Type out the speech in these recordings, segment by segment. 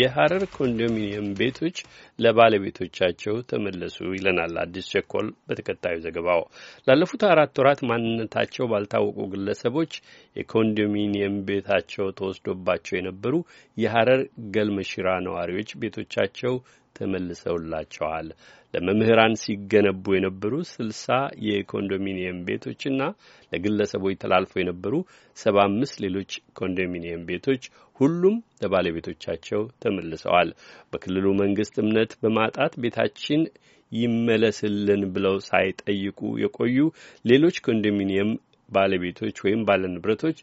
የሀረር ኮንዶሚኒየም ቤቶች ለባለቤቶቻቸው ተመለሱ ይለናል አዲስ ቸኮል በተከታዩ ዘገባው። ላለፉት አራት ወራት ማንነታቸው ባልታወቁ ግለሰቦች የኮንዶሚኒየም ቤታቸው ተወስዶባቸው የነበሩ የሀረር ገልመሽራ ነዋሪዎች ቤቶቻቸው ተመልሰውላቸዋል። ለመምህራን ሲገነቡ የነበሩ ስልሳ የኮንዶሚኒየም ቤቶችና ለግለሰቦች ተላልፈው የነበሩ ሰባ አምስት ሌሎች ኮንዶሚኒየም ቤቶች ሁሉም ለባለቤቶቻቸው ተመልሰዋል። በክልሉ መንግስት እምነት በማጣት ቤታችን ይመለስልን ብለው ሳይጠይቁ የቆዩ ሌሎች ኮንዶሚኒየም ባለቤቶች ወይም ባለንብረቶች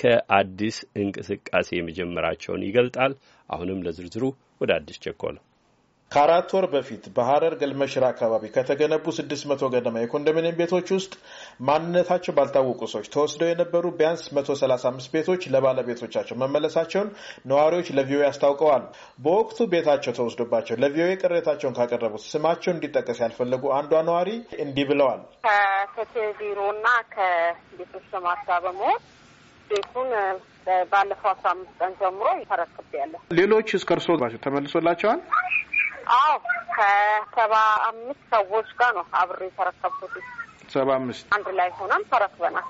ከአዲስ እንቅስቃሴ መጀመራቸውን ይገልጣል። አሁንም ለዝርዝሩ ወደ አዲስ ቸኮል ከአራት ወር በፊት በሀረር ገልመሽራ አካባቢ ከተገነቡ ስድስት መቶ ገደማ የኮንዶሚኒየም ቤቶች ውስጥ ማንነታቸው ባልታወቁ ሰዎች ተወስደው የነበሩ ቢያንስ መቶ ሰላሳ አምስት ቤቶች ለባለቤቶቻቸው መመለሳቸውን ነዋሪዎች ለቪኦኤ አስታውቀዋል። በወቅቱ ቤታቸው ተወስዶባቸው ለቪኦኤ ቅሬታቸውን ካቀረቡት ስማቸው እንዲጠቀስ ያልፈለጉ አንዷ ነዋሪ እንዲህ ብለዋል። ከፍትህ ቢሮና ከቤቶች ልማት በመሆን ቤቱን ባለፈው አስራ አምስት ቀን ጀምሮ ተረክቤያለሁ። ሌሎች እስከ እርሶ ተመልሶላቸዋል አዎ ከሰባ አምስት ሰዎች ጋር ነው አብሬ የተረከብኩት። ሰባ አምስት አንድ ላይ ሆነን ተረክበናል።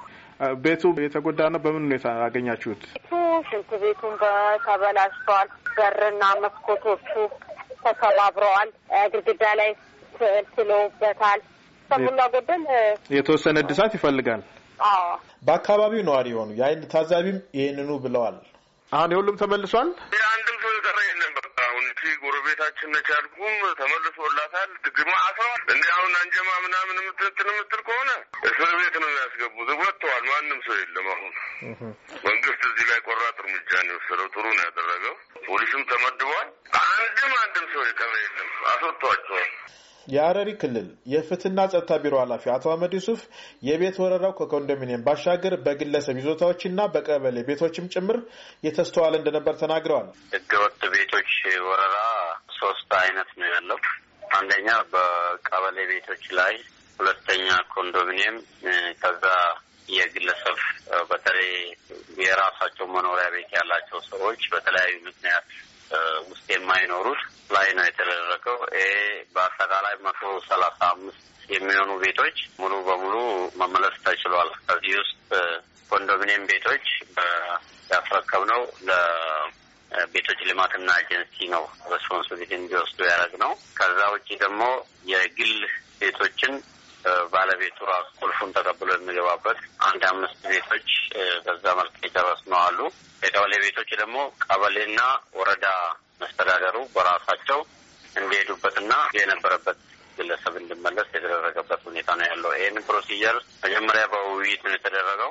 ቤቱ የተጎዳ ነው። በምን ሁኔታ አገኛችሁት? ቤቱ ሽንት ቤቱን ተበላሽቷል በርና መስኮቶቹ ተሰባብረዋል። ግድግዳ ላይ ስዕል ስለውበታል። ከሞላ ጎደል የተወሰነ እድሳት ይፈልጋል። በአካባቢው ነዋሪ የሆኑ የአይን ታዛቢም ይህንኑ ብለዋል። አሁን የሁሉም ተመልሷል። አንድም ሰው የቀረ የለም። እንጂ ጎረቤታችን ነች ያልኩም ተመልሶላታል። ድግሞ አስረዋል። እንዲ አሁን አንጀማ ምናምን የምትንትን የምትል ከሆነ እስር ቤት ነው የሚያስገቡት ወጥተዋል። ማንም ሰው የለም። አሁን መንግስት እዚህ ላይ ቆራጥ እርምጃ ነው የወሰደው። ጥሩ ነው ያደረገው። ፖሊስም ተመድቧል። አንድም አንድም ሰው የቀረ የለም። አስወጥቷቸዋል። የአረሪ ክልል የፍትህና ጸጥታ ቢሮ ኃላፊ አቶ አህመድ ዩሱፍ የቤት ወረራው ከኮንዶሚኒየም ባሻገር በግለሰብ ይዞታዎችና በቀበሌ ቤቶችም ጭምር የተስተዋለ እንደነበር ተናግረዋል። ህገወጥ ቤቶች ወረራ ሶስት አይነት ነው ያለው። አንደኛ በቀበሌ ቤቶች ላይ፣ ሁለተኛ ኮንዶሚኒየም፣ ከዛ የግለሰብ በተለይ የራሳቸው መኖሪያ ቤት ያላቸው ሰዎች በተለያዩ ምክንያት ውስጥ የማይኖሩት ላይ ነው የተደረገው። ይሄ በአጠቃላይ መቶ ሰላሳ አምስት የሚሆኑ ቤቶች ሙሉ በሙሉ መመለስ ተችሏል። ከዚህ ውስጥ ኮንዶሚኒየም ቤቶች ያስረከብነው ለቤቶች ልማትና ኤጀንሲ ነው ሬስፖንስቢሊቲ እንዲወስዱ ያደረግ ነው። ከዛ ውጭ ደግሞ የግል ቤቶችን ባለቤቱ ራሱ ቁልፉን ተቀብሎ የሚገባበት አንድ አምስት ቤቶች በዛ መልክ የጨረስነው አሉ። የቀበሌ ቤቶች ደግሞ ቀበሌና ወረዳ መስተዳደሩ በራሳቸው እንዲሄዱበትና የነበረበት ግለሰብ እንድመለስ የተደረገበት ሁኔታ ነው ያለው። ይህን ፕሮሲጀር መጀመሪያ በውይይት ነው የተደረገው።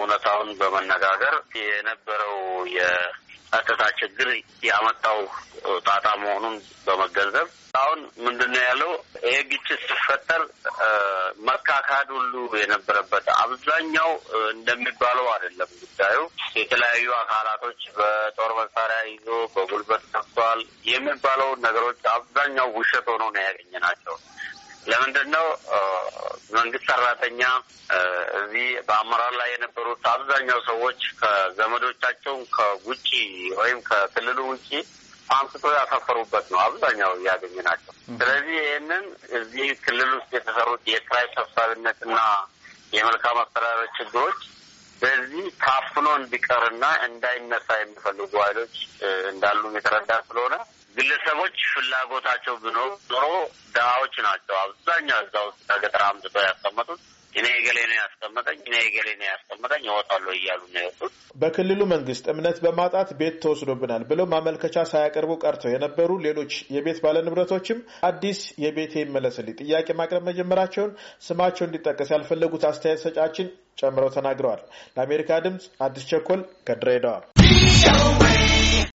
እውነታውን በመነጋገር የነበረው ጸጥታ ችግር ያመጣው ጣጣ መሆኑን በመገንዘብ አሁን ምንድነው ያለው ይሄ ግጭት ሲፈጠር መካካድ ሁሉ የነበረበት አብዛኛው እንደሚባለው አይደለም ጉዳዩ። የተለያዩ አካላቶች በጦር መሳሪያ ይዞ በጉልበት ገብተዋል የሚባለው ነገሮች አብዛኛው ውሸት ሆኖ ነው ያገኘ ናቸው። ለምንድን ነው መንግስት ሰራተኛ እዚህ በአመራር ላይ የነበሩት አብዛኛው ሰዎች ከዘመዶቻቸው ከውጭ ወይም ከክልሉ ውጭ አንስቶ ያሳፈሩበት ነው አብዛኛው እያገኘ ናቸው። ስለዚህ ይህንን እዚህ ክልል ውስጥ የተሰሩት የኪራይ ሰብሳቢነትና የመልካም አስተዳደር ችግሮች በዚህ ታፍኖ እንዲቀርና እንዳይነሳ የሚፈልጉ ኃይሎች እንዳሉም የተረዳ ስለሆነ ግለሰቦች ፍላጎታቸው ብኖ ኖሮ ድሃዎች ናቸው አብዛኛው እዛ ውስጥ ከገጠር አምጥቶ ያስቀመጡት እኔ የገሌ ነው ያስቀመጠኝ እኔ የገሌ ነው ያስቀመጠኝ እወጣለሁ እያሉ ነው የወጡት። በክልሉ መንግስት እምነት በማጣት ቤት ተወስዶብናል ብለው ማመልከቻ ሳያቀርቡ ቀርተው የነበሩ ሌሎች የቤት ባለንብረቶችም አዲስ የቤቴ ይመለስልኝ ጥያቄ ማቅረብ መጀመራቸውን ስማቸው እንዲጠቀስ ያልፈለጉት አስተያየት ሰጫችን ጨምረው ተናግረዋል። ለአሜሪካ ድምፅ አዲስ ቸኮል ከድሬዳዋ